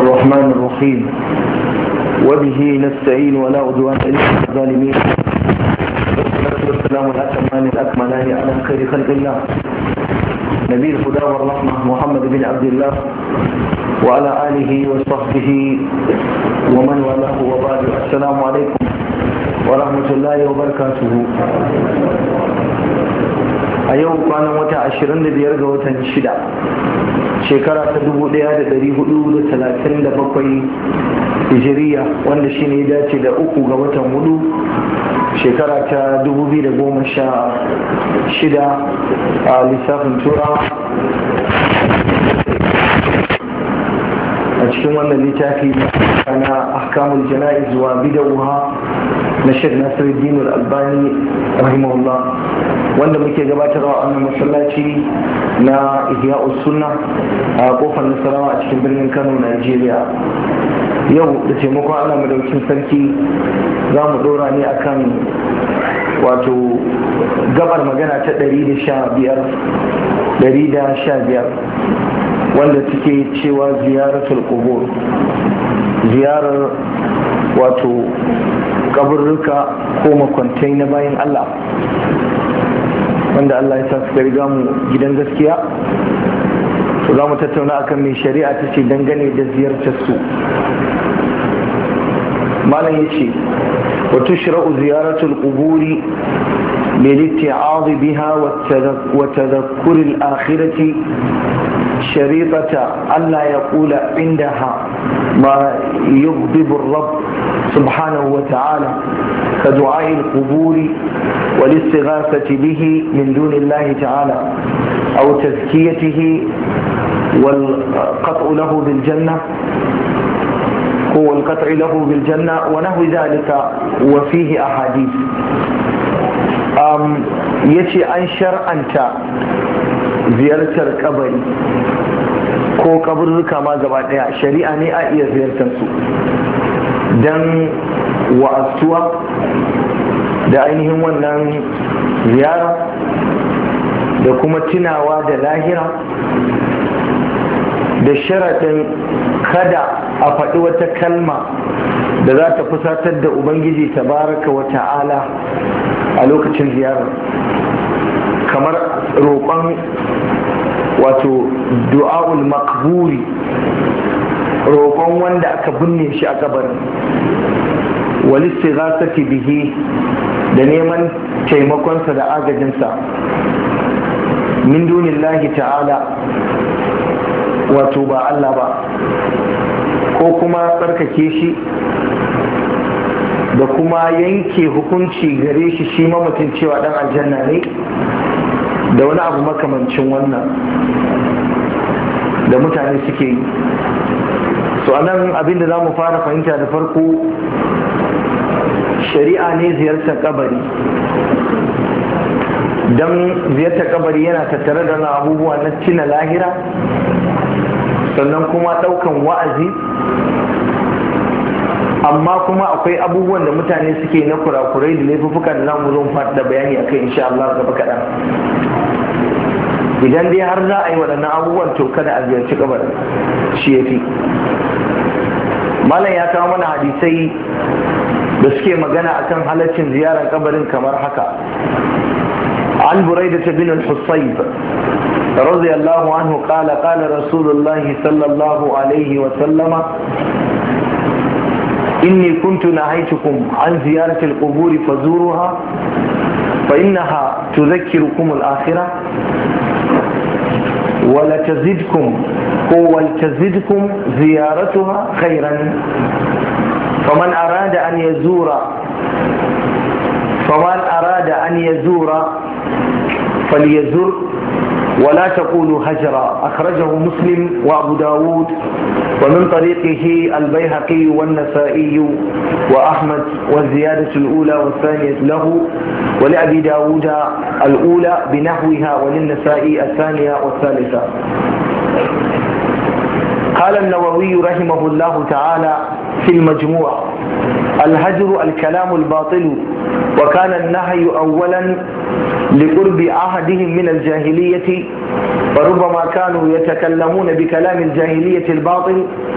الرحمن الرحيم وبه نستعين ولا عدوان الا على الظالمين والسلام الاتمان الاكملان على خير خلق الله نبي الهدى والرحمه محمد بن عبد الله وعلى اله وصحبه ومن والاه وبعد السلام عليكم ورحمه الله وبركاته a yau kwanan wata 25 ga watan shida shekara ta 1437 hijiriya wanda shi ne dace da uku ga watan 4 shekara ta 2016 a lissafin turawa a cikin wannan littafi na ahkamul jana'iz wa bidawha na shek Nasiruddin Al-Albani rahimahullah wanda muke gabatarwa a wannan masallaci na Ihya Sunna a kofar Nasarawa a cikin birnin Kano Najeriya yau da taimakon Allah madaukin sarki za mu dora ne akan wato gabar magana ta 115 wanda take cewa ziyaratul qubur ziyarar wato kaburruka ko makwantai na bayan Allah wanda Allah ya sa su riga mu gidan gaskiya to za mu tattauna akan mai shari'a ta ce dangane da ziyartar su malam ya ce wato shira'u ziyaratul quburi للاتعاظ بها وتذكر الآخرة شريطة ألا يقول عندها ما يغضب الرب سبحانه وتعالى كدعاء القبور والاستغاثة به من دون الله تعالى أو تزكيته والقطع له بالجنة هو القطع له بالجنة ونحو ذلك وفيه أحاديث ya ce an shar'anta ziyartar kabari ko kaburruka ma gaba daya shari'a ne a iya ziyartar su don wa'astuwa da ainihin wannan ziyara da kuma tunawa da lahira da sharaɗin kada a faɗi wata kalma da za ta fusatar da ubangiji tabaraka wa ta'ala a lokacin ziyarar kamar roƙon wato du'a'ul makburi roƙon wanda aka binne shi a kabarin walisti za su bihi da neman taimakonsa da agajinsa min dunillahi ta'ala wato ba Allah ba ko kuma tsarkake shi da kuma yanke hukunci gare shi shi mutum cewa dan aljanna ne da wani abu makamancin wannan da mutane suke yi so anan abinda za mu fara fahimta da farko shari'a ne ziyartar kabari don ziyartar kabari yana tattare da abubuwa na cina lahira sannan kuma daukan wa'azi amma kuma akwai abubuwan da mutane suke na kurakurai da laifuffuka da zamu zo da bayani akai insha Allah gaba kaɗan idan dai har za a yi waɗannan abubuwan to kada a ziyarci kabar shi ya malam ya kawo mana hadisai da suke magana akan halaccin ziyarar kabarin kamar haka عن بريدة بن الحصيب رضي الله عنه قال قال رسول الله صلى الله عليه وسلم إني كنت نهيتكم عن زيارة القبور فزورها فإنها تذكركم الآخرة ولتزدكم هو تزدكم زيارتها خيرا فمن أراد أن يزور فمن أراد أن يزور فليزر ولا تقولوا هجرا أخرجه مسلم وأبو داود ومن طريقه البيهقي والنسائي وأحمد والزيادة الأولى والثانية له ولأبي داود الأولى بنحوها وللنسائي الثانية والثالثة قال النووي رحمه الله تعالى في المجموع الهجر الكلام الباطل وكان النهي أولا لقرب أحدهم من الجاهلية فربما كانوا يتكلمون بكلام الجاهلية الباطل